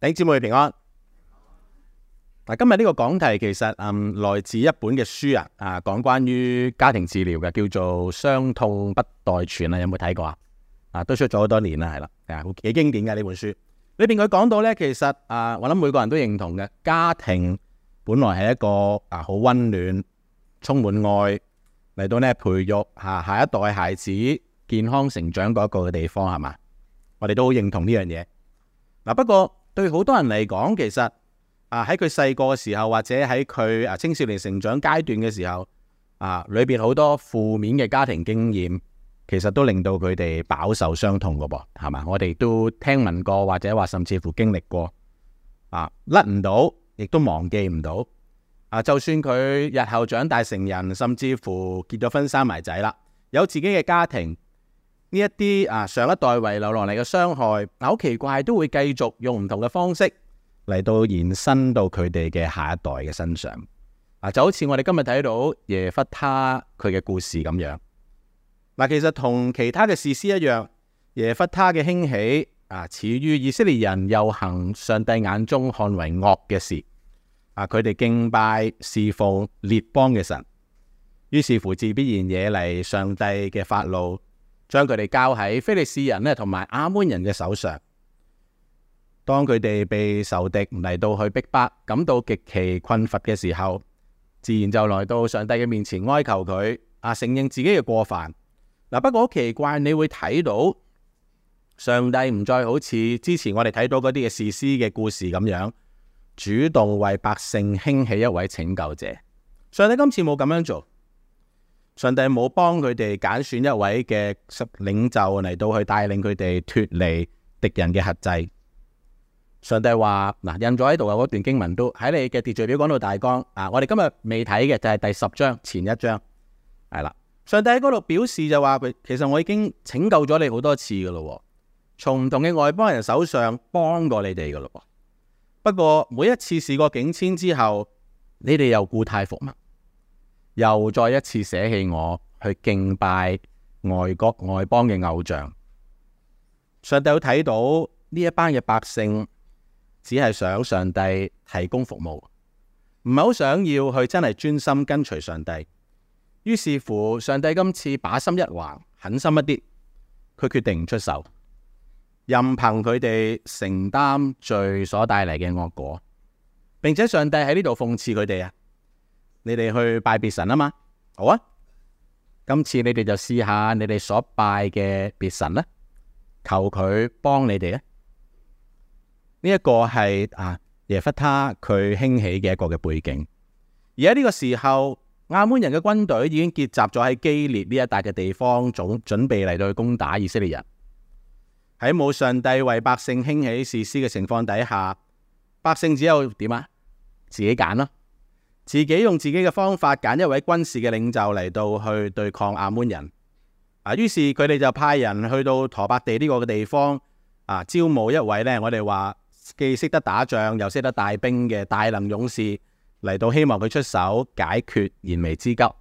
頂姐妹平安。嗱，今日呢個講題其實誒來自一本嘅書啊，啊講關於家庭治療嘅，叫做《傷痛不代傳》啊，有冇睇過啊？啊，都出咗好多年啦，係啦，係啊，幾經典嘅呢本書。裏邊佢講到呢，其實誒，我諗每個人都認同嘅，家庭本來係一個啊好溫暖、充滿愛嚟到呢培育吓下一代孩子健康成長嗰一個嘅地方，係嘛？我哋都好認同呢樣嘢。嗱，不過。對好多人嚟講，其實啊喺佢細個嘅時候，或者喺佢啊青少年成長階段嘅時候，啊裏邊好多負面嘅家庭經驗，其實都令到佢哋飽受傷痛嘅噃，係嘛？我哋都聽聞過，或者話甚至乎經歷過啊甩唔到，亦都忘記唔到啊。就算佢日後長大成人，甚至乎結咗婚、生埋仔啦，有自己嘅家庭。呢一啲啊，上一代遺留落嚟嘅傷害，好奇怪，都會繼續用唔同嘅方式嚟到延伸到佢哋嘅下一代嘅身上。嗱，就好似我哋今日睇到耶弗他佢嘅故事咁樣。嗱，其實同其他嘅士師一樣，耶弗他嘅興起啊，始於以色列人又行上帝眼中看為惡嘅事。啊，佢哋敬拜侍奉列邦嘅神，於是乎自必然惹嚟上帝嘅發怒。將佢哋交喺非利士人同埋亞捫人嘅手上。當佢哋被仇敵嚟到去逼迫，感到極其困乏嘅時候，自然就來到上帝嘅面前哀求佢，啊承認自己嘅過犯。嗱，不過好奇怪，你會睇到上帝唔再好似之前我哋睇到嗰啲嘅士師嘅故事咁樣，主動為百姓興起一位拯救者。上帝今次冇咁樣做。上帝冇幫佢哋揀選一位嘅領袖嚟到去帶領佢哋脫離敵人嘅轄制。上帝話：嗱、啊，印咗喺度嘅嗰段經文都喺你嘅秩序表講到大綱。啊，我哋今日未睇嘅就係第十章前一章，係啦。上帝喺嗰度表示就話，其實我已經拯救咗你好多次噶喎，從唔同嘅外邦人手上幫過你哋噶啦。不過每一次事過境遷之後，你哋又故態復萌。又再一次捨棄我去敬拜外國外邦嘅偶像。上帝會睇到呢一班嘅百姓只係想上帝提供服務，唔係好想要去真係專心跟隨上帝。於是乎，上帝今次把心一橫，狠心一啲，佢決定唔出手，任憑佢哋承擔罪所帶嚟嘅惡果，並且上帝喺呢度諷刺佢哋啊！你哋去拜別神啊嘛，好啊！今次你哋就試下你哋所拜嘅別神啦，求佢幫你哋啊！呢一個係啊耶弗他佢興起嘅一個嘅背景。而喺呢個時候，亞捫人嘅軍隊已經結集咗喺基列呢一帶嘅地方，總準備嚟到去攻打以色列人。喺冇上帝為百姓興起士師嘅情況底下，百姓只有點啊？自己揀咯。自己用自己嘅方法揀一位軍事嘅領袖嚟到去對抗阿蒙人，啊，於是佢哋就派人去到陀伯地呢個嘅地方，啊，招募一位呢，我哋話既識得打仗又識得帶兵嘅大能勇士嚟到，希望佢出手解決燃眉之急。呢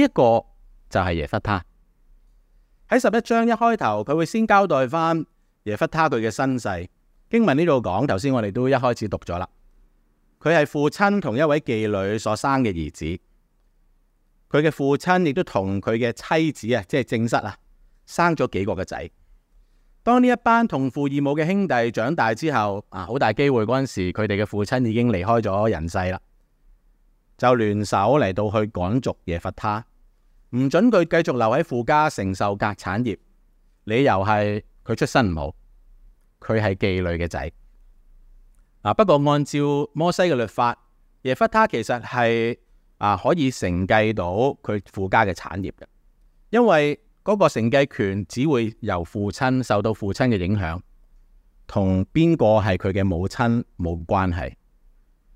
一個就係耶弗他。喺十一章一開頭，佢會先交代翻耶弗他佢嘅身世。經文呢度講，頭先我哋都一開始讀咗啦。佢係父親同一位妓女所生嘅兒子，佢嘅父親亦都同佢嘅妻子啊，即係正室啊，生咗幾個嘅仔。當呢一班同父異母嘅兄弟長大之後，啊，好大機會嗰陣時，佢哋嘅父親已經離開咗人世啦，就聯手嚟到去趕逐耶弗他，唔准佢繼續留喺父家承受家產業，理由係佢出身唔好，佢係妓女嘅仔。嗱，不過按照摩西嘅律法，耶弗他其實係啊可以承繼到佢父家嘅產業嘅，因為嗰個承繼權只會由父親受到父親嘅影響，同邊個係佢嘅母親冇關係，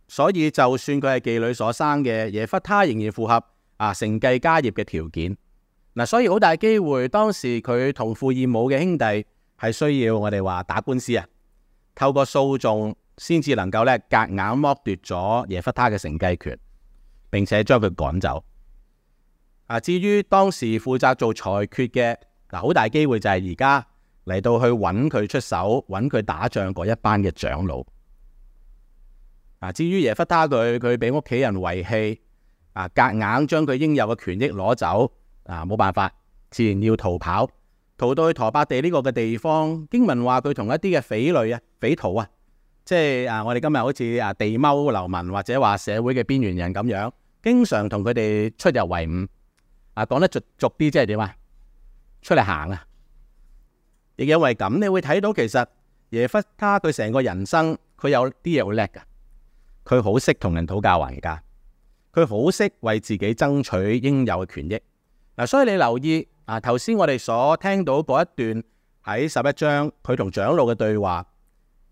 所以就算佢係妓女所生嘅耶弗他，仍然符合啊承繼家業嘅條件。嗱，所以好大機會當時佢同父異母嘅兄弟係需要我哋話打官司啊，透過訴訟。先至能夠咧夾硬剝奪咗耶弗他嘅承繼權，並且將佢趕走。啊，至於當時負責做裁決嘅嗱，好大機會就係而家嚟到去揾佢出手，揾佢打仗嗰一班嘅長老。啊，至於耶弗他佢佢俾屋企人遺棄啊，夾硬將佢應有嘅權益攞走啊，冇辦法，自然要逃跑，逃到去陀伯地呢個嘅地方。經文話佢同一啲嘅匪類啊、匪徒啊。即係啊，我哋今日好似啊地踎流民或者話社會嘅邊緣人咁樣，經常同佢哋出入為伍啊。講得俗啲，即係點啊？出嚟行啊。亦因為咁，你會睇到其實耶弗他佢成個人生，佢有啲嘢好叻㗎。佢好識同人討價還價，佢好識為自己爭取應有嘅權益嗱、啊。所以你留意啊，頭先我哋所聽到嗰一段喺十一章，佢同長老嘅對話。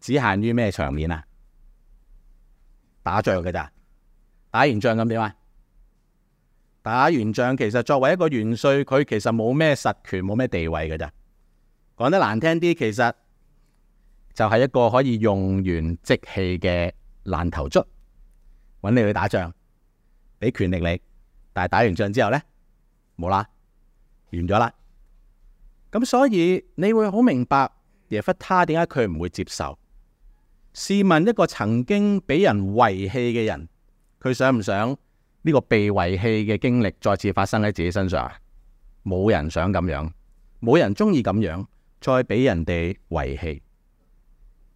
只限於咩場面啊？打仗嘅咋？打完仗咁點啊？打完仗其實作為一個元帥，佢其實冇咩實權，冇咩地位嘅咋。講得難聽啲，其實就係一個可以用完即棄嘅爛頭卒，搵你去打仗，俾權力你，但係打完仗之後呢，冇啦，完咗啦。咁所以你會好明白耶弗他點解佢唔會接受。試問一個曾經俾人遺棄嘅人，佢想唔想呢個被遺棄嘅經歷再次發生喺自己身上？冇人想咁樣，冇人中意咁樣再俾人哋遺棄。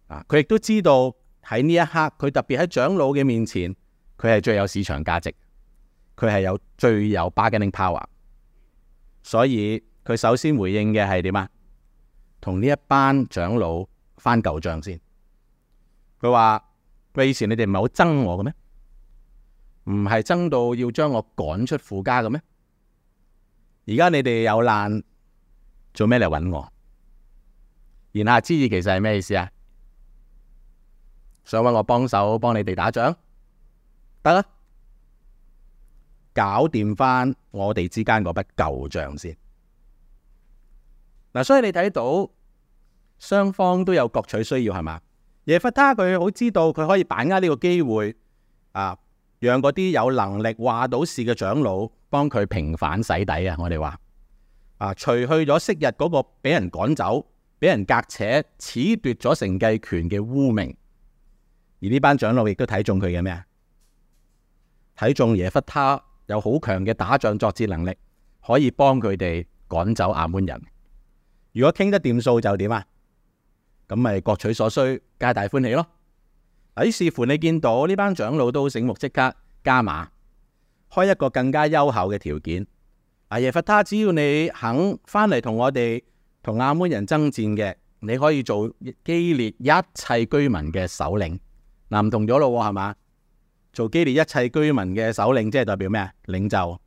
啊！佢亦都知道喺呢一刻，佢特別喺長老嘅面前，佢係最有市場價值，佢係有最有 bargaining power。所以佢首先回應嘅係點啊？同呢一班長老翻舊賬先。佢話：喂，以前你哋唔係好憎我嘅咩？唔係爭到要將我趕出父家嘅咩？而家你哋有難，做咩嚟搵我？言下之意其實係咩意思啊？想揾我幫手幫你哋打仗，得啊！搞掂翻我哋之間嗰筆舊賬先。嗱，所以你睇到雙方都有各取需要，係嘛？耶弗他佢好知道佢可以把握呢個機會啊，讓嗰啲有能力話到事嘅長老幫佢平反洗底啊！我哋話啊，除去咗昔日嗰個俾人趕走、俾人隔扯、褫奪咗承繼權嘅污名，而呢班長老亦都睇中佢嘅咩啊？睇中耶弗他有好強嘅打仗作戰能力，可以幫佢哋趕走亞捫人。如果傾得掂數就點啊？咁咪各取所需，皆大歡喜咯。嗱，於是乎你見到呢班長老都好醒目，即刻加碼，開一個更加優厚嘅條件。阿耶弗他，只要你肯翻嚟同我哋同亞門人爭戰嘅，你可以做基列一切居民嘅首領。嗱、啊，唔同咗咯，係嘛？做基列一切居民嘅首領，即係代表咩啊？領袖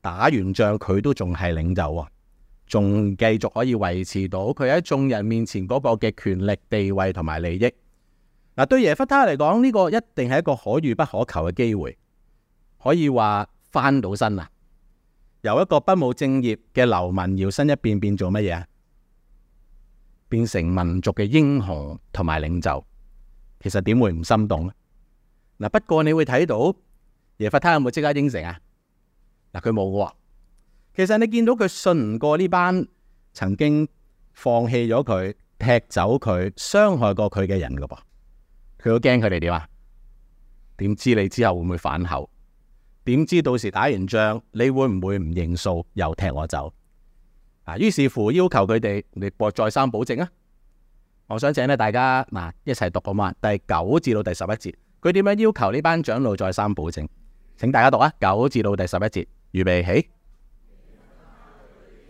打完仗，佢都仲係領袖、哦仲繼續可以維持到佢喺眾人面前嗰個嘅權力地位同埋利益。嗱，對耶弗他嚟講，呢個一定係一個可遇不可求嘅機會，可以話翻到身啦。由一個不務正業嘅流民搖身一變變做乜嘢啊？變成民族嘅英雄同埋領袖，其實點會唔心動咧？嗱，不過你會睇到耶弗他有冇即刻應承啊？嗱，佢冇喎。其實你見到佢信唔過呢班曾經放棄咗佢踢走佢傷害過佢嘅人噶噃，佢好驚佢哋點啊？點知你之後會唔會反口？點知到時打完仗你會唔會唔認數又踢我走啊？於是乎要求佢哋，你再三保證啊！我想請呢大家嗱一齊讀個嘛，第九至到第十一節佢點樣要求呢班長老再三保證？請大家讀啊，九至到第十一節，預備起。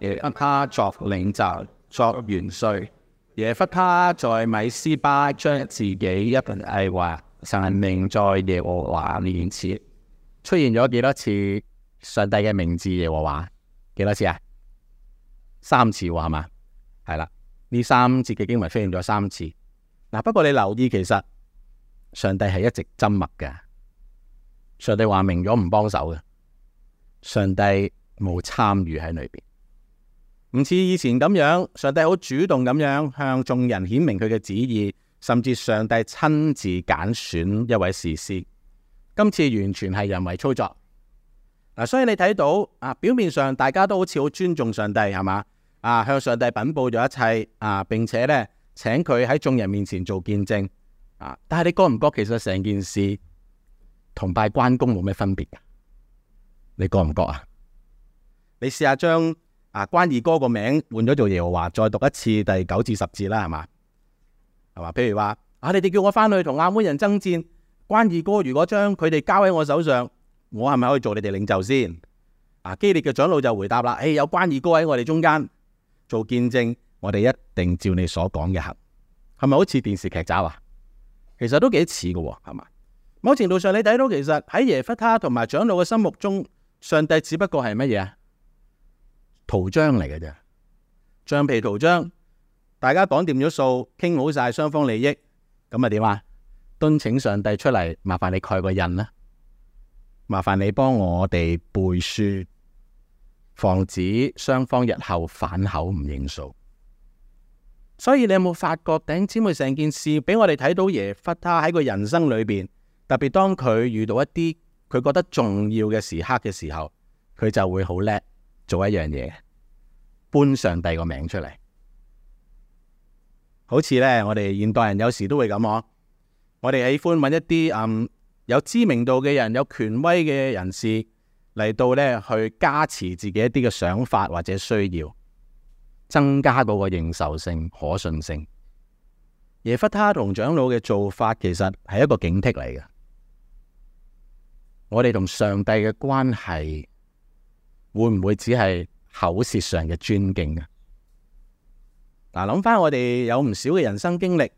耶弗他作領袖、作元帥；耶弗他在米斯巴將自己一份係話神明在耶和華呢件事出現咗幾多次？上帝嘅名字耶和華幾多次啊？三次話嘛，係啦，呢三次嘅經文出現咗三次。嗱，不過你留意，其實上帝係一直緘默嘅。上帝話明咗唔幫手嘅，上帝冇參與喺裏邊。唔似以前咁樣，上帝好主動咁樣向眾人顯明佢嘅旨意，甚至上帝親自揀選一位士師。今次完全係人為操作嗱、啊，所以你睇到啊，表面上大家都好似好尊重上帝係嘛啊，向上帝稟報咗一切啊，並且呢請佢喺眾人面前做見證啊。但係你覺唔覺其實成件事同拜關公冇咩分別噶？你覺唔覺啊？你試下將。啊，關二哥個名換咗做耶和華，再讀一次第九至十字啦，係嘛？係嘛？譬如話，啊，你哋叫我翻去同亞捫人爭戰，關二哥如果將佢哋交喺我手上，我係咪可以做你哋領袖先？啊，激烈嘅長老就回答啦，誒，有關二哥喺我哋中間做見證，我哋一定照你所講嘅行，係咪好似電視劇集啊？其實都幾似嘅，係嘛？某程度上你睇到其實喺耶弗他同埋長老嘅心目中，上帝只不過係乜嘢啊？圖章嚟嘅啫，橡皮圖章，大家講掂咗數，傾好晒雙方利益，咁啊點啊？敦請上帝出嚟，麻煩你蓋個印啦，麻煩你幫我哋背書，防止雙方日後反口唔認數。所以你有冇發覺頂姊妹成件事俾我哋睇到耶弗他喺個人生裏邊，特別當佢遇到一啲佢覺得重要嘅時刻嘅時候，佢就會好叻。做一樣嘢，搬上帝個名出嚟，好似呢，我哋現代人有時都會咁嗬，我哋喜歡揾一啲嗯，有知名度嘅人，有權威嘅人士嚟到呢去加持自己一啲嘅想法或者需要，增加嗰個認受性、可信性。耶弗他同長老嘅做法其實係一個警惕嚟嘅，我哋同上帝嘅關係會唔會只係口舌上嘅尊敬啊？嗱，諗翻我哋有唔少嘅人生經歷，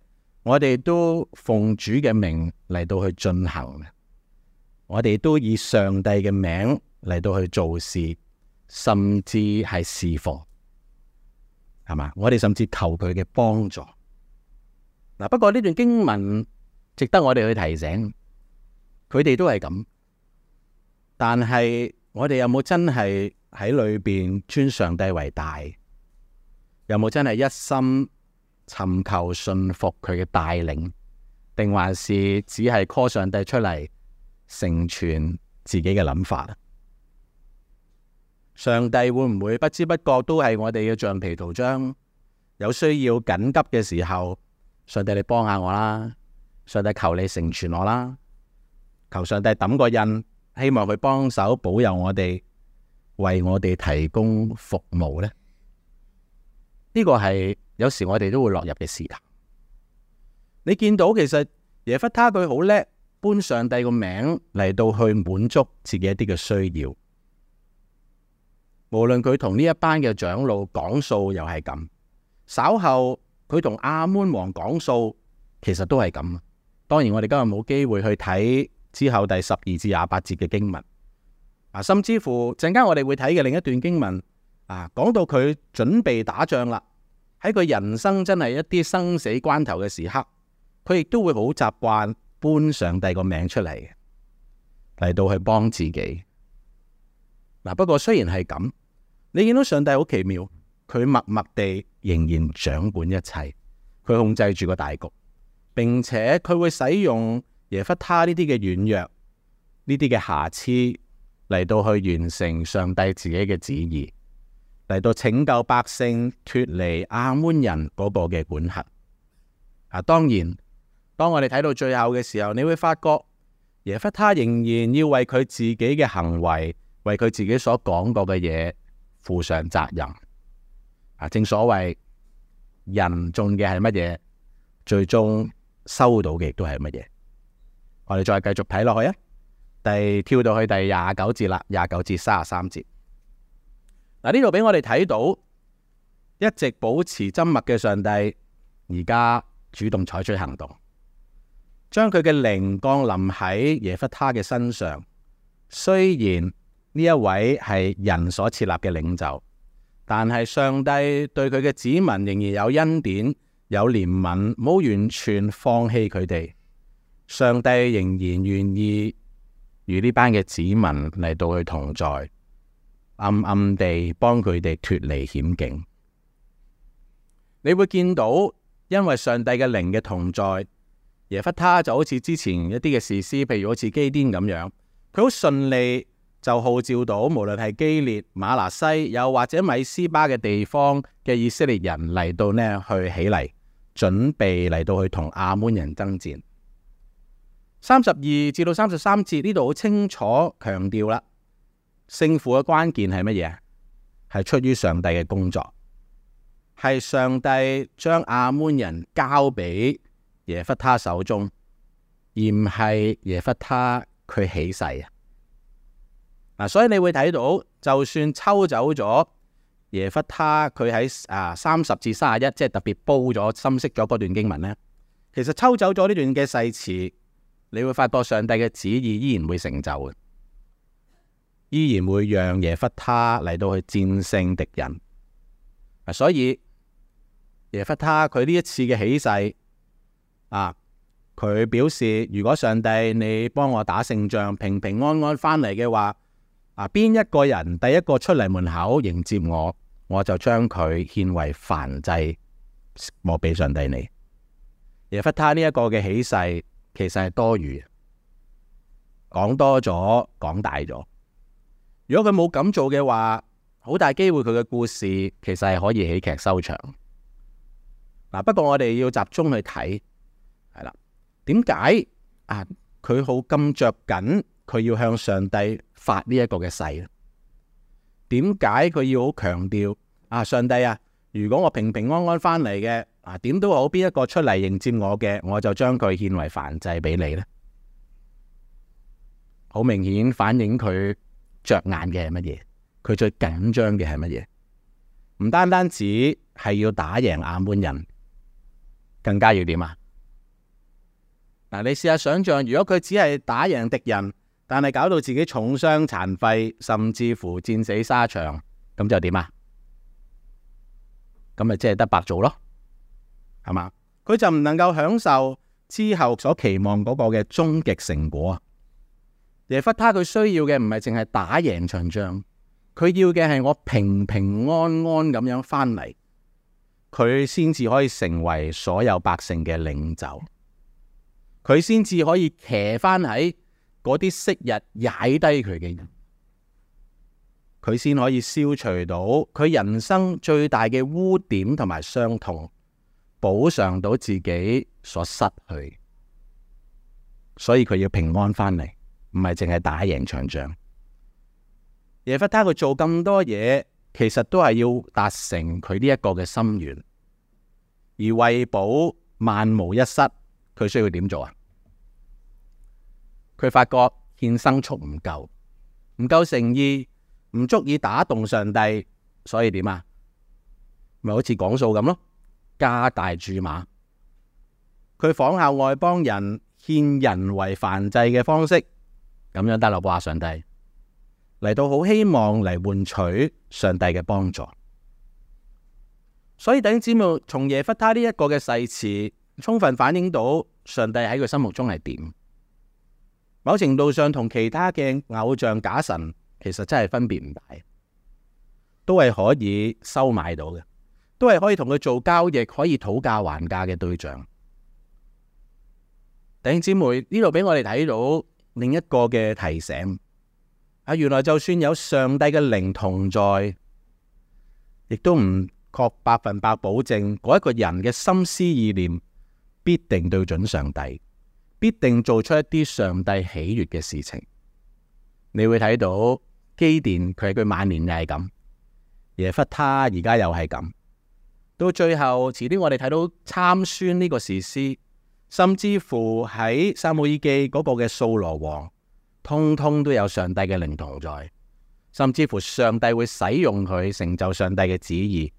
我哋都奉主嘅名嚟到去進行，我哋都以上帝嘅名嚟到去做事，甚至係侍奉，係嘛？我哋甚至求佢嘅幫助。嗱，不過呢段經文值得我哋去提醒，佢哋都係咁，但係。我哋有冇真係喺裏邊尊上帝為大？有冇真係一心尋求信服佢嘅帶領？定還是只係 call 上帝出嚟成全自己嘅諗法？上帝會唔會不知不覺都係我哋嘅橡皮圖章？有需要緊急嘅時候，上帝你幫下我啦！上帝求你成全我啦！求上帝抌個印。希望佢幫手保佑我哋，為我哋提供服務呢呢、呢個係有時我哋都會落入嘅事。你見到其實耶弗他佢好叻，搬上帝個名嚟,到去滿足自己一啲嘅需要。無論佢同呢一班嘅長老講數又係咁，稍後佢同亞捫王講數，其實都係咁。當然我哋今日冇機會去睇。之後第十二至廿八節嘅經文，啊，甚至乎陣間我哋會睇嘅另一段經文，啊，講到佢準備打仗啦，喺佢人生真係一啲生死關頭嘅時刻，佢亦都會好習慣搬上帝個名出嚟嘅，嚟到去幫自己。嗱，啊，不過雖然係咁，你見到上帝好奇妙，佢默默地仍然掌管一切，佢控制住個大局，並且佢會使用。耶弗他呢啲嘅軟弱，呢啲嘅瑕疵嚟到去完成上帝自己嘅旨意，嚟到拯救百姓脫離亞捫人嗰個嘅管轄。啊，當然當我哋睇到最後嘅時候，你會發覺耶弗他仍然要為佢自己嘅行為，為佢自己所講過嘅嘢負上責任。啊，正所謂人種嘅係乜嘢，最終收到嘅亦都係乜嘢。我哋再繼續睇落去啊！第跳到去第廿九節啦，廿九至三十三節。嗱，呢度俾我哋睇到，一直保持沉默嘅上帝，而家主動採取行動，將佢嘅靈降臨喺耶弗他嘅身上。雖然呢一位係人所設立嘅領袖，但係上帝對佢嘅子民仍然有恩典、有憐憫，冇完全放棄佢哋。上帝仍然願意與呢班嘅子民嚟到去同在，暗暗地幫佢哋脫離險境。你會見到，因為上帝嘅靈嘅同在，耶弗他就好似之前一啲嘅士師，譬如好似基甸咁樣，佢好順利就號召到，無論係基列、馬拿西，又或者米斯巴嘅地方嘅以色列人嚟到呢去起嚟，準備嚟到去同亞捫人爭戰。三十二至到三十三節，呢度好清楚強調啦，勝負嘅關鍵係乜嘢？係出於上帝嘅工作，係上帝將亞捫人交俾耶弗他手中，而唔係耶弗他佢起誓啊！嗱，所以你會睇到，就算抽走咗耶弗他，他，佢喺啊三十至三十一，即係特別煲咗、深色咗嗰段經文呢，其實抽走咗呢段嘅誓詞。你會發覺上帝嘅旨意依然會成就，依然會讓耶弗他嚟到去戰勝敵人。所以耶弗他佢呢一次嘅起誓，啊，佢表示如果上帝你幫我打勝仗、平平安安返嚟嘅話，啊，邊一個人第一個出嚟門口迎接我，我就將佢獻為燔祭，莫俾上帝你。耶弗他呢一個嘅起誓。其實係多餘，講多咗，講大咗。如果佢冇咁做嘅話，好大機會佢嘅故事其實係可以喜劇收場。不過我哋要集中去睇，係點解啊？佢好咁着緊，佢要向上帝發呢一個嘅誓。點解佢要好強調啊？上帝啊，如果我平平安安返嚟嘅。啊，點都好，邊一個出嚟迎接我嘅，我就將佢獻為燔祭俾你呢。好明顯反映佢着眼嘅係乜嘢，佢最緊張嘅係乜嘢？唔單單止係要打贏亞捫人，更加要點啊？嗱，你試下想象如果佢只係打贏敵人，但係搞到自己重傷殘廢，甚至乎戰死沙場，咁就點啊？咁咪即係得白做咯。係嘛？佢就唔能夠享受之後所期望嗰個嘅終極成果啊！耶弗他佢需要嘅唔係淨係打贏場仗，佢要嘅係我平平安安咁樣翻嚟，佢先至可以成為所有百姓嘅領袖，佢先至可以騎翻喺嗰啲昔日踩低佢嘅人，佢先可以消除到佢人生最大嘅污點同埋傷痛。補償到自己所失去，所以佢要平安翻嚟，唔係淨係打贏場仗。耶弗他佢做咁多嘢，其實都係要達成佢呢一個嘅心願，而為保萬無一失，佢需要點做啊？佢發覺獻牲畜唔夠，唔夠誠意，唔足以打動上帝，所以點啊？咪好似講數咁咯。加大注碼，佢仿效外邦人獻人為燔祭嘅方式，咁樣得啦。我話上帝嚟到好希望嚟換取上帝嘅幫助，所以弟兄姊妹，從耶弗他呢一個嘅誓詞，充分反映到上帝喺佢心目中係點，某程度上同其他嘅偶像假神，其實真係分別唔大，都係可以收買到嘅。都係可以同佢做交易，可以討價還價嘅對象。弟兄姊妹，呢度俾我哋睇到另一個嘅提醒啊！原來就算有上帝嘅靈同在，亦都唔確百分百保證嗰一個人嘅心思意念必定對準上帝，必定做出一啲上帝喜悅嘅事情。你會睇到基甸，佢係佢晚年又係咁，耶弗他而家又係咁。到最後，遲啲我哋睇到參孫呢個士師，甚至乎喺撒母耳記嗰部嘅掃羅王，通通都有上帝嘅靈同在，甚至乎上帝會使用佢成就上帝嘅旨意。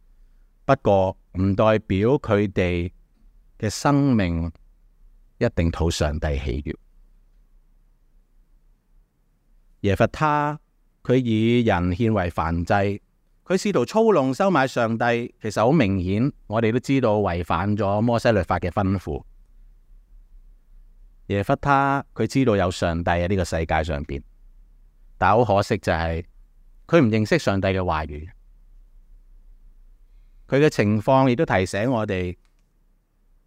不過唔代表佢哋嘅生命一定討上帝喜悅。耶弗他佢以人獻為燔祭。佢試圖操弄收買上帝，其實好明顯，我哋都知道違反咗摩西律法嘅吩咐。耶弗他，佢知道有上帝喺呢個世界上邊，但好可惜就係佢唔認識上帝嘅話語。佢嘅情況亦都提醒我哋，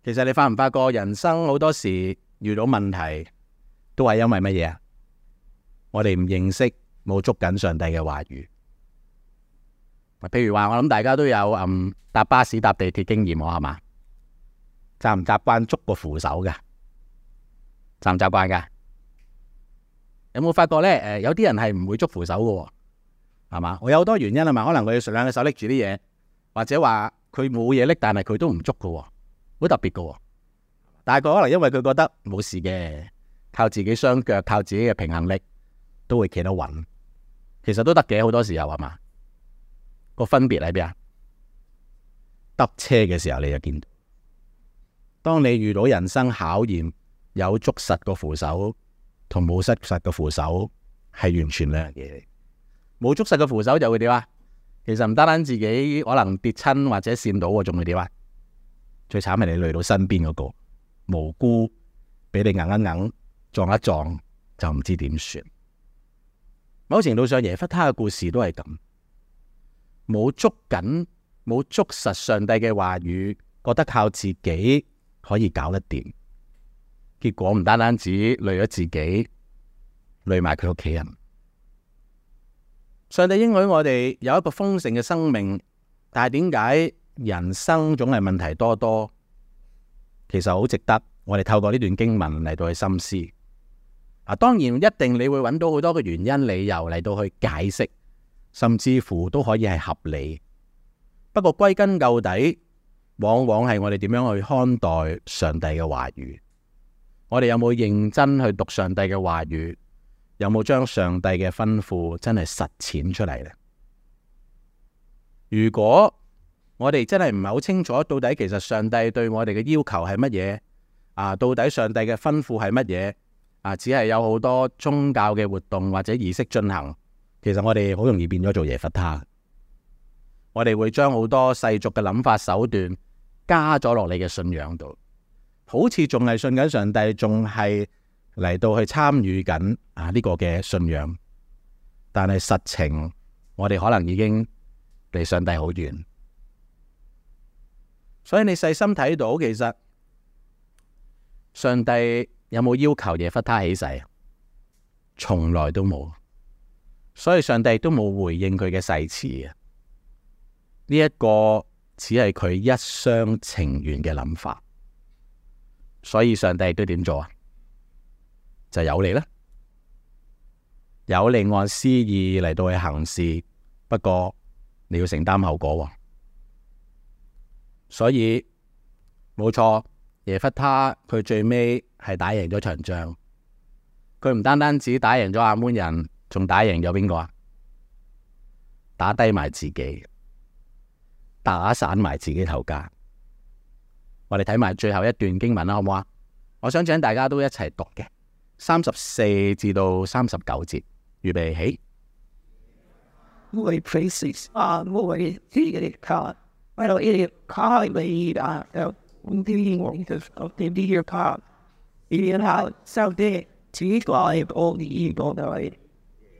其實你發唔發覺人生好多時遇到問題都係因為乜嘢啊？我哋唔認識，冇捉緊上帝嘅話語。譬如話，我諗大家都有嗯搭巴士搭地鐵經驗，我係嘛？習唔習慣捉個扶手嘅？習唔習慣嘅？有冇發覺呢？誒、呃，有啲人係唔會捉扶手嘅，係嘛？我有好多原因啊嘛，可能佢兩隻手拎住啲嘢，或者話佢冇嘢拎，但係佢都唔捉嘅，好特別嘅。大概可能因為佢覺得冇事嘅，靠自己雙腳，靠自己嘅平衡力都會企得穩，其實都得嘅。好多時候係嘛。那個分別喺邊啊？搭車嘅時候你就見到，當你遇到人生考驗，有捉實個扶手同冇捉實個扶手係完全兩樣嘢。冇捉實個扶手就會點啊？其實唔單單自己可能跌親或者跣到，仲會點啊？最慘係你累到身邊嗰個無辜，俾你硬一硬撞一撞就唔知點算。某程度上，耶弗他嘅故事都係咁。冇捉緊，冇捉實上帝嘅話語，覺得靠自己可以搞得掂，結果唔單單止累咗自己，累埋佢屋企人。上帝應許我哋有一個豐盛嘅生命，但係點解人生總係問題多多？其實好值得我哋透過呢段經文嚟到去深思。嗱，當然一定你會揾到好多個原因理由嚟到去解釋。甚至乎都可以係合理，不過歸根究底，往往係我哋點樣去看待上帝嘅話語。我哋有冇認真去讀上帝嘅話語？有冇將上帝嘅吩咐真係實踐出嚟呢？如果我哋真係唔係好清楚到底其實上帝對我哋嘅要求係乜嘢啊？到底上帝嘅吩咐係乜嘢啊？只係有好多宗教嘅活動或者儀式進行。其實我哋好容易變咗做耶弗他，我哋會將好多世俗嘅諗法手段，加咗落你嘅信仰度，好似仲係信緊上帝，仲係嚟到去參與緊啊呢個嘅信仰，但係實情我哋可能已經離上帝好遠。所以你細心睇到，其實上帝有冇要求耶弗他起誓？從來都冇。所以上帝都冇回應佢嘅誓詞啊！呢、這、一個只係佢一廂情願嘅諗法，所以上帝都點做啊？就由你啦，由你按私意嚟到去行事，不過你要承擔後果喎。所以冇錯，耶弗他佢最尾係打贏咗場仗，佢唔單單止打贏咗亞捫人。仲打贏咗邊個啊？打低埋自己，打散埋自己頭家。我哋睇埋最後一段經文啦，好唔好啊？我想請大家都一齊讀嘅，三十四至到三十九節，預備起。我我我我我我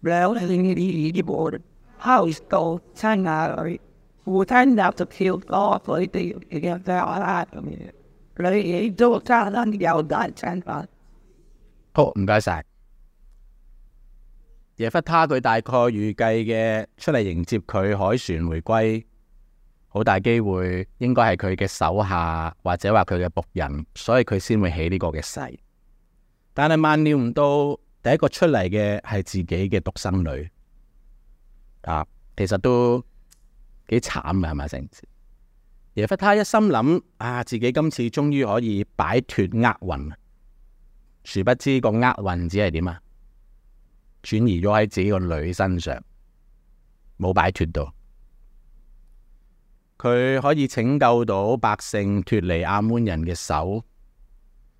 然後呢啲啲啲波，house 頭差唔多，戶頭又做少咗，佢哋又驚翻晒佢哋，所以都差唔多又大賺翻。好，唔該晒。耶弗他佢大概預計嘅出嚟迎接佢凱旋回歸，好大機會，應該係佢嘅手下或者話佢嘅僕人，所以佢先會起呢個嘅誓。但係萬料唔到。第一個出嚟嘅係自己嘅獨生女啊，其實都幾慘嘅係咪先？耶弗他一心諗啊，自己今次終於可以擺脫厄運，殊不知個厄運只係點啊，轉移咗喺自己個女身上，冇擺脫到。佢可以拯救到百姓脫離亞捫人嘅手，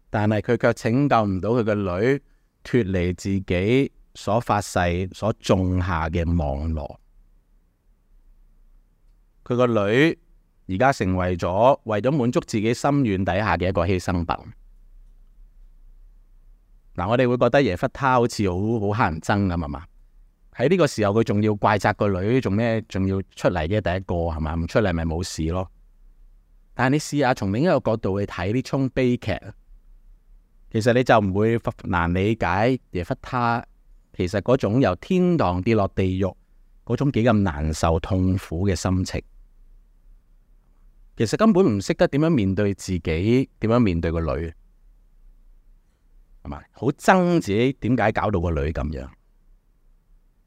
但係佢卻拯救唔到佢個女。脫離自己所發誓、所種下嘅網絡，佢個女而家成為咗為咗滿足自己心願底下嘅一個犧牲品。嗱、啊，我哋會覺得耶弗他好似好好乞人憎咁係嘛？喺呢個時候佢仲要怪責個女，仲咩？仲要出嚟嘅第一個係嘛？唔出嚟咪冇事咯。但係你試下從另一個角度去睇呢種悲劇。其實你就唔會難理解耶弗他，其實嗰種由天堂跌落地獄，嗰種幾咁難受痛苦嘅心情。其實根本唔識得點樣面對自己，點樣面對個女，係咪？好憎自己點解搞到個女咁樣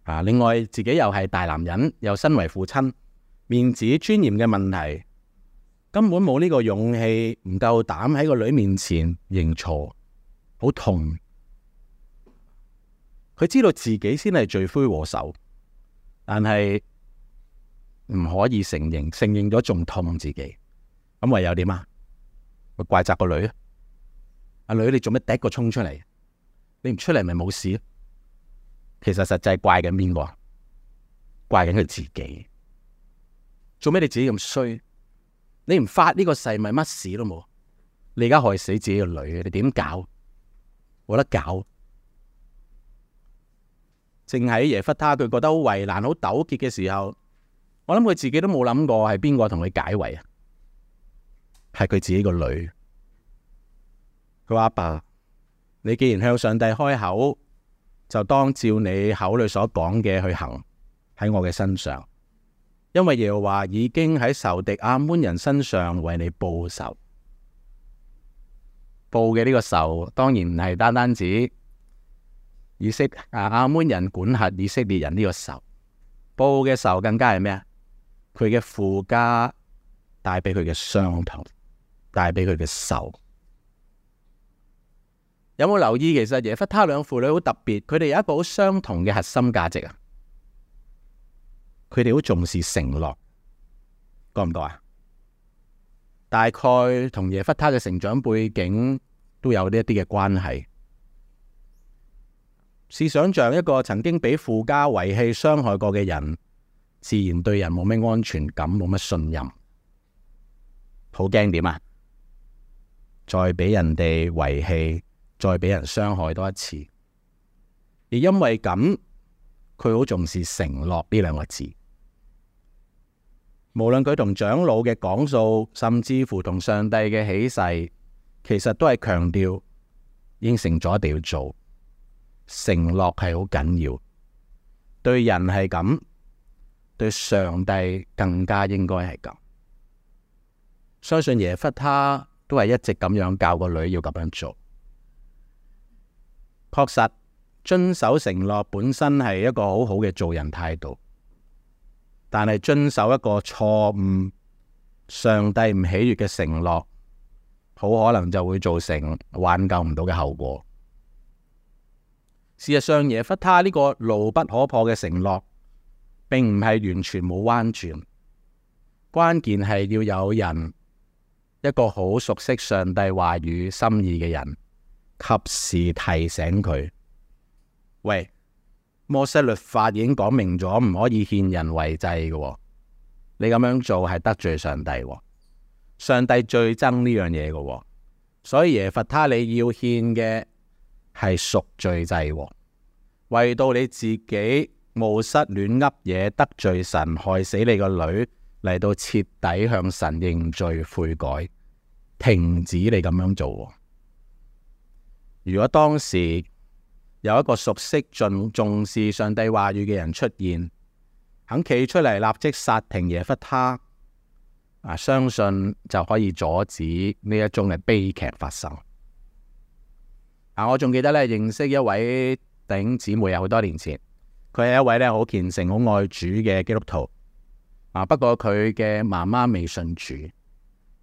啊？另外自己又係大男人，又身為父親，面子尊嚴嘅問題，根本冇呢個勇氣，唔夠膽喺個女面前認錯。好痛，佢知道自己先係罪魁禍首，但係唔可以承認，承認咗仲痛自己。咁唯有點啊？咪怪責個女啊！阿女，你做咩第一個衝出嚟？你唔出嚟咪冇事咯。其實實際怪緊邊個？怪緊佢自己。做咩你自己咁衰？你唔發呢個誓咪乜事都冇？你而家害死自己個女，你點搞？冇得搞，正喺耶弗他，他，佢覺得好為難，好糾結嘅時候，我諗佢自己都冇諗過係邊個同佢解圍啊？係佢自己個女。佢話，阿爸，你既然向上帝開口，就當照你口裏所講嘅去行喺我嘅身上，因為耶和華已經喺仇敵亞捫人身上為你報仇。報嘅呢個仇，當然唔係單單指以色啊，亞門人管轄以色列人呢個仇，報嘅仇更加係咩啊？佢嘅父家帶俾佢嘅傷痛，帶俾佢嘅仇。有冇留意？其實耶弗他兩父女好特別，佢哋有一個相同嘅核心價值啊！佢哋好重視承諾，對唔對啊？大概同耶弗他嘅成長背景都有呢一啲嘅關係。試想像一個曾經俾父家遺棄、傷害過嘅人，自然對人冇咩安全感、冇乜信任，好驚點啊！再俾人哋遺棄，再俾人傷害多一次，而因為咁，佢好重視承諾呢兩個字。無論佢同長老嘅講述，甚至乎同上帝嘅起誓，其實都係強調應承咗一定要做，承諾係好緊要。對人係咁，對上帝更加應該係咁。相信耶弗他都係一直咁樣教個女要咁樣做。確實遵守承諾本身係一個好好嘅做人態度。但係遵守一個錯誤、上帝唔喜悅嘅承諾，好可能就會造成挽救唔到嘅後果。事實上，耶弗他呢個牢不可破嘅承諾，並唔係完全冇彎轉。關鍵係要有人，一個好熟悉上帝話語心意嘅人，及時提醒佢，喂，摩西律法已經講明咗，唔可以獻人為祭嘅、哦。你咁樣做係得罪上帝、哦，上帝最憎呢樣嘢嘅。所以耶弗他你要獻嘅係贖罪祭、哦，為到你自己誤失亂噏嘢得罪神，害死你個女嚟到徹底向神認罪悔改，停止你咁樣做、哦。如果當時，有一個熟悉、盡重視上帝話語嘅人出現，肯企出嚟，立即殺停耶弗他，啊，相信就可以阻止呢一種嘅悲劇發生。啊，我仲記得咧，認識一位頂姊妹有好多年前，佢係一位咧好虔誠、好愛主嘅基督徒，啊，不過佢嘅媽媽未信主，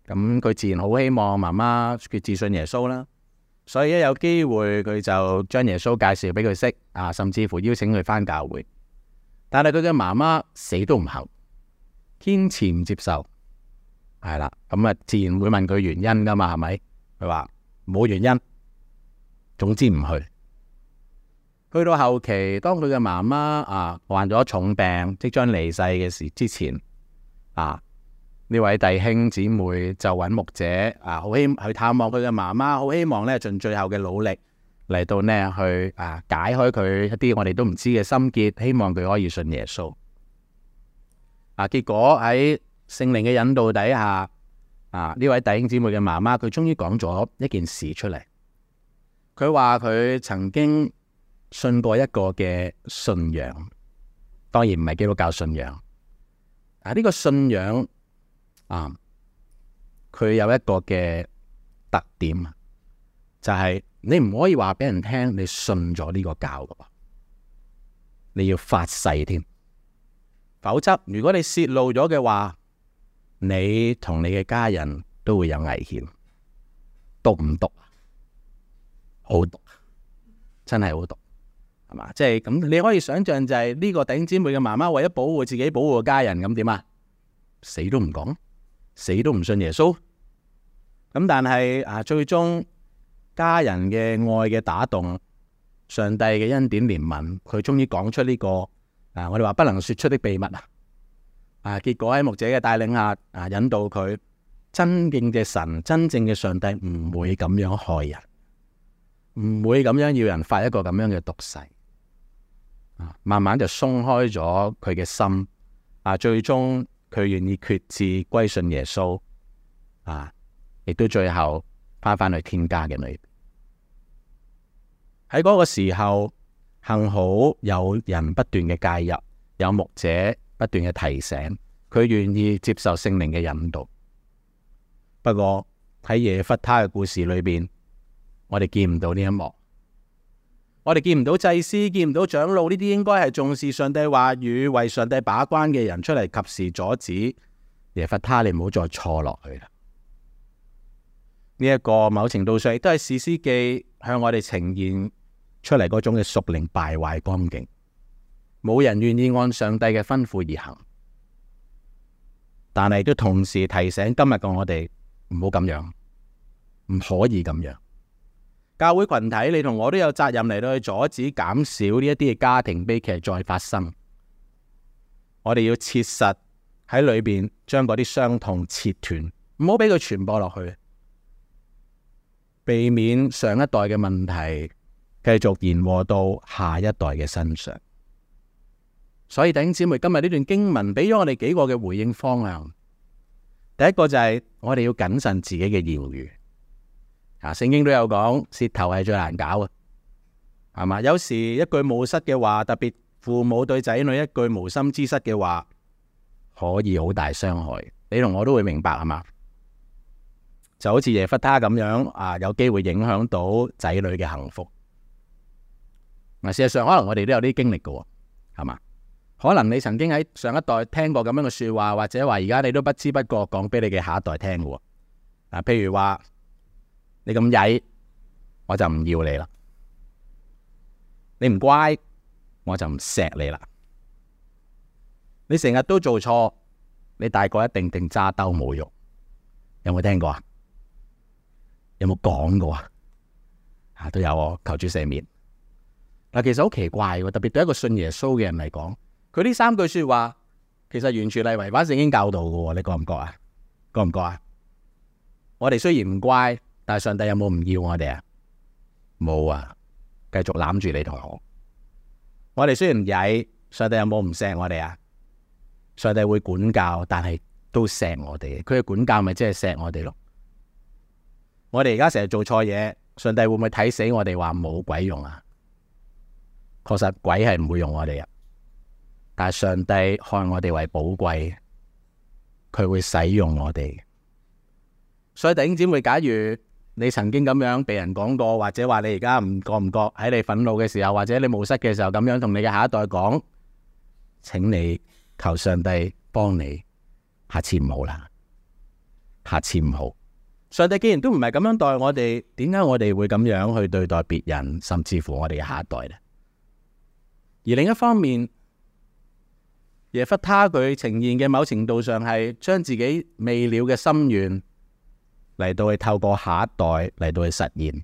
咁佢自然好希望媽媽佢自信耶穌啦。所以一有機會，佢就將耶穌介紹俾佢識啊，甚至乎邀請佢返教會。但係佢嘅媽媽死都唔肯，堅持唔接受。係啦，咁啊，自然會問佢原因㗎嘛，係咪？佢話冇原因，總之唔去。去到後期，當佢嘅媽媽啊患咗重病，即將離世嘅時之前啊。呢位弟兄姊妹就揾牧者啊，好希去探望佢嘅媽媽，好希望呢盡最後嘅努力嚟到呢去啊解開佢一啲我哋都唔知嘅心結，希望佢可以信耶穌啊。結果喺聖靈嘅引導底下啊，呢位弟兄姊妹嘅媽媽，佢終於講咗一件事出嚟。佢話佢曾經信過一個嘅信仰，當然唔係基督教信仰啊。呢、這個信仰。啊！佢有一個嘅特點，就係你唔可以話俾人聽你信咗呢個教，你要發誓添。否則如果你泄露咗嘅話，你同你嘅家人都會有危險。毒唔毒啊？好毒，真係好毒，係嘛？即係咁，你可以想象就係呢個頂姊妹嘅媽媽，為咗保護自己、保護家人，咁點啊？死都唔講。死都唔信耶穌，咁但係啊，最終家人嘅愛嘅打動，上帝嘅恩典憐憫，佢終於講出呢個啊，我哋話不能說出的秘密啊，啊，結果喺牧者嘅帶領下啊，引導佢真正嘅神，真正嘅上帝唔會咁樣害人，唔會咁樣要人發一個咁樣嘅毒誓，啊，慢慢就鬆開咗佢嘅心，啊，最終。佢願意決志歸信耶穌，啊，亦都最後翻返去天家嘅裏邊。喺嗰個時候，幸好有人不斷嘅介入，有牧者不斷嘅提醒，佢願意接受聖靈嘅引導。不過喺耶弗他嘅故事裏邊，我哋見唔到呢一幕。我哋見唔到祭司，見唔到長老呢啲，應該係重視上帝話語、為上帝把關嘅人出嚟及時阻止耶佛。耶弗他，你唔好再錯落去啦！呢一個某程度上亦都係《士師記》向我哋呈現出嚟嗰種嘅屬靈敗壞光景。冇人願意按上帝嘅吩咐而行，但係都同時提醒今日嘅我哋唔好咁樣，唔可以咁樣。教會群體，你同我都有責任嚟到去阻止、減少呢一啲嘅家庭悲劇再發生。我哋要切實喺裏邊將嗰啲傷痛切斷，唔好俾佢傳播落去，避免上一代嘅問題繼續延禍到下一代嘅身上。所以弟兄姊妹，今日呢段經文俾咗我哋幾個嘅回應方向。第一個就係我哋要謹慎自己嘅言語。啊，聖經都有講，舌頭係最難搞啊，係嘛？有時一句冇失嘅話，特別父母對仔女一句無心之失嘅話，可以好大傷害。你同我都會明白係嘛？就好似耶弗他咁樣啊，有機會影響到仔女嘅幸福。嗱，啊，事實上可能我哋都有啲經歷嘅，係嘛？可能你曾經喺上一代聽過咁樣嘅說話，或者話而家你都不知不覺講俾你嘅下一代聽嘅。嗱，啊，譬如話。你咁曳，我就唔要你啦；你唔乖，我就唔錫你啦。你成日都做錯，你大個一定定揸兜冇用。有冇聽過啊？有冇講過啊？吓都有哦。求主赦免。嗱，其實好奇怪，特別對一個信耶穌嘅人嚟講，佢呢三句說話，其實完全係違反聖經教導嘅。你覺唔覺啊？覺唔覺啊？我哋雖然唔乖。但上帝有冇唔要我哋啊？冇啊！繼續攬住你同我。我哋雖然曳，上帝有冇唔錫我哋啊？上帝會管教，但係都錫我哋。佢嘅管教咪即係錫我哋咯？我哋而家成日做錯嘢，上帝會唔會睇死我哋話冇鬼用啊？確實鬼係唔會用我哋啊。但係上帝看我哋為寶貴，佢會使用我哋。所以弟兄姊妹，假如，你曾經咁樣被人講過，或者話你而家唔覺唔覺喺你憤怒嘅時候，或者你無失嘅時候，咁樣同你嘅下一代講，請你求上帝幫你，下次唔好啦，下次唔好。上帝既然都唔係咁樣待我哋，點解我哋會咁樣去對待別人，甚至乎我哋嘅下一代呢？」而另一方面，耶弗他佢呈現嘅某程度上係將自己未了嘅心願。嚟到去透過下一代嚟到去實現，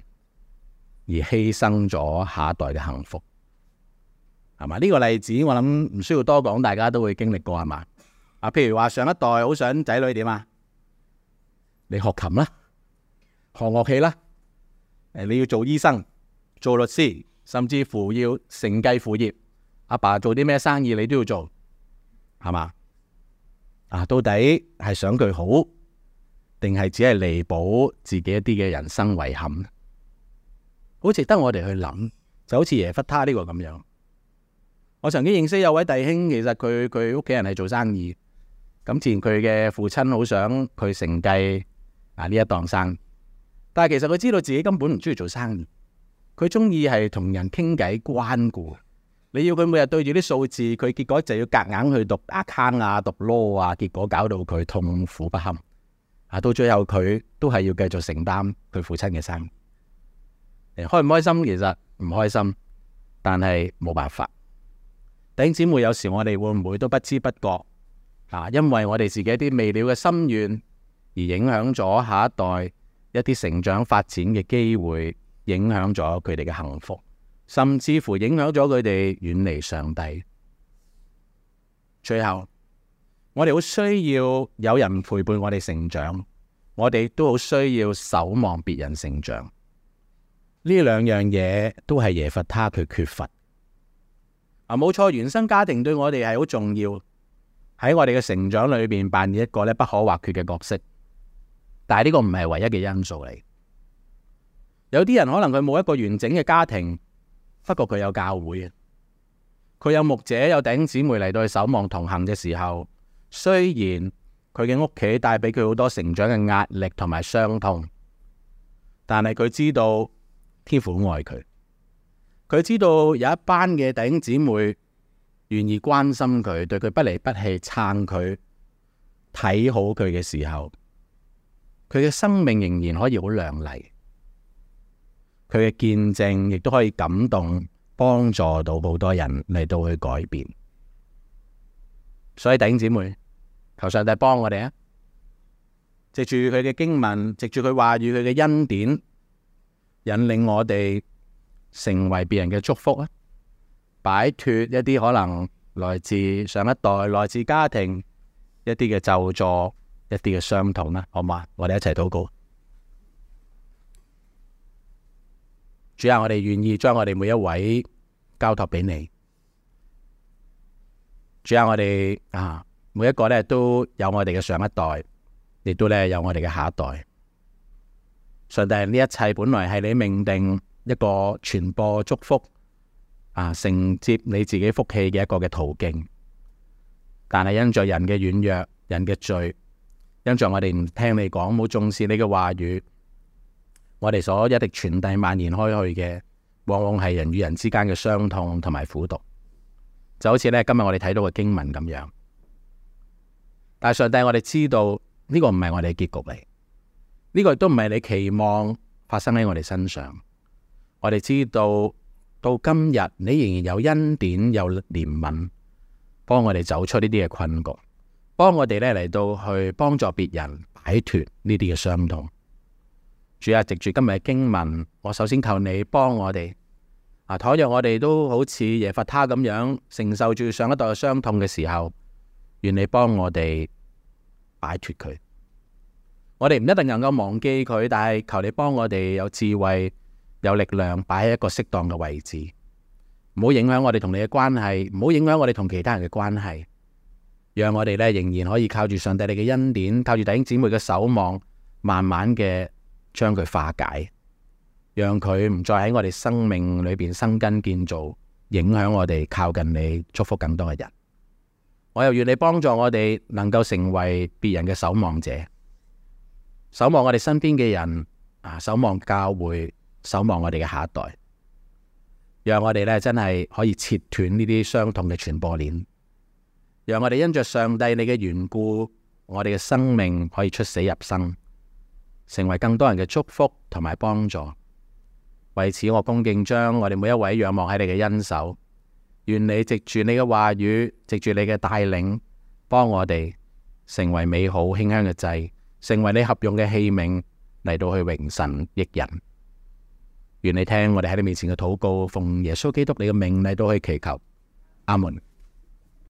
而犧牲咗下一代嘅幸福，係嘛？呢個例子我諗唔需要多講，大家都會經歷過，係嘛？啊，譬如話上一代好想仔女點啊？你學琴啦，學樂器啦，誒，你要做醫生、做律師，甚至乎要承繼父業，阿爸做啲咩生意你都要做，係嘛？啊，到底係想佢好？定係只係彌補自己一啲嘅人生遺憾，好值得我哋去諗。就好似耶弗他呢個咁樣，我曾經認識有位弟兄，其實佢佢屋企人係做生意的，咁自然佢嘅父親好想佢承繼啊呢一檔生意。但係其實佢知道自己根本唔中意做生意，佢中意係同人傾偈關顧。你要佢每日對住啲數字，佢結果就要夾硬去讀 account 啊、讀 law 啊，結果搞到佢痛苦不堪。到最後，佢都係要繼續承擔佢父親嘅生意，開唔開心其實唔開心，但係冇辦法。弟兄姊妹有時我哋會唔會都不知不覺啊？因為我哋自己一啲未了嘅心願而影響咗下一代一啲成長發展嘅機會，影響咗佢哋嘅幸福，甚至乎影響咗佢哋遠離上帝。最後。我哋好需要有人陪伴我哋成長，我哋都好需要守望別人成長。呢兩樣嘢都係耶弗他佢缺乏啊，冇錯。原生家庭對我哋係好重要，喺我哋嘅成長裏邊扮演一個咧不可或缺嘅角色。但係呢個唔係唯一嘅因素嚟，有啲人可能佢冇一個完整嘅家庭，不過佢有教會，佢有牧者，有弟兄姊妹嚟到去守望同行嘅時候。雖然佢嘅屋企帶俾佢好多成長嘅壓力同埋傷痛，但係佢知道天父愛佢，佢知道有一班嘅弟兄姊妹願意關心佢，對佢不離不棄撐佢，睇好佢嘅時候，佢嘅生命仍然可以好亮麗，佢嘅見證亦都可以感動，幫助到好多人嚟到去改變，所以弟兄姊妹。求上帝幫我哋啊！藉住佢嘅經文，藉住佢話語，佢嘅恩典，引領我哋成為別人嘅祝福啊！擺脫一啲可能來自上一代、來自家庭一啲嘅咒詛、一啲嘅傷痛啦，好嘛？我哋一齊禱告。主啊，我哋願意將我哋每一位交託俾你。主啊，我哋啊～每一個咧都有我哋嘅上一代，亦都咧有我哋嘅下一代。上帝，呢一切本來係你命定一個傳播祝福啊，承、呃、接你自己福氣嘅一個嘅途徑。但係因着人嘅軟弱、人嘅罪，因着我哋唔聽你講，冇重視你嘅話語，我哋所一直傳遞蔓延開去嘅，往往係人與人之間嘅傷痛同埋苦毒。就好似咧今日我哋睇到嘅經文咁樣。但上帝，我哋知道呢個唔係我哋嘅結局嚟，呢個亦都唔係你期望發生喺我哋身上。我哋知道到今日，你仍然有恩典、有憐憫，幫我哋走出呢啲嘅困局，幫我哋咧嚟到去幫助別人擺脫呢啲嘅傷痛。主啊，藉住今日嘅經文，我首先求你幫我哋啊，倘若我哋都好似耶弗他咁樣承受住上一代嘅傷痛嘅時候。願你幫我哋擺脫佢，我哋唔一定能夠忘記佢，但係求你幫我哋有智慧、有力量擺喺一個適當嘅位置，唔好影響我哋同你嘅關係，唔好影響我哋同其他人嘅關係，讓我哋咧仍然可以靠住上帝你嘅恩典，靠住弟兄姊妹嘅守望，慢慢嘅將佢化解，讓佢唔再喺我哋生命裏邊生根建造，影響我哋靠近你祝福更多嘅人。我又願你幫助我哋，能夠成為別人嘅守望者，守望我哋身邊嘅人，啊，守望教會，守望我哋嘅下一代，讓我哋呢真係可以切斷呢啲傷痛嘅傳播鏈，讓我哋因着上帝你嘅緣故，我哋嘅生命可以出死入生，成為更多人嘅祝福同埋幫助。為此，我恭敬將我哋每一位仰望喺你嘅恩手。願你藉住你嘅話語，藉住你嘅帶領，幫我哋成為美好馨香嘅祭，成為你合用嘅器皿，嚟到去榮神益人。願你聽我哋喺你面前嘅禱告，奉耶穌基督你嘅名嚟到去祈求，阿門。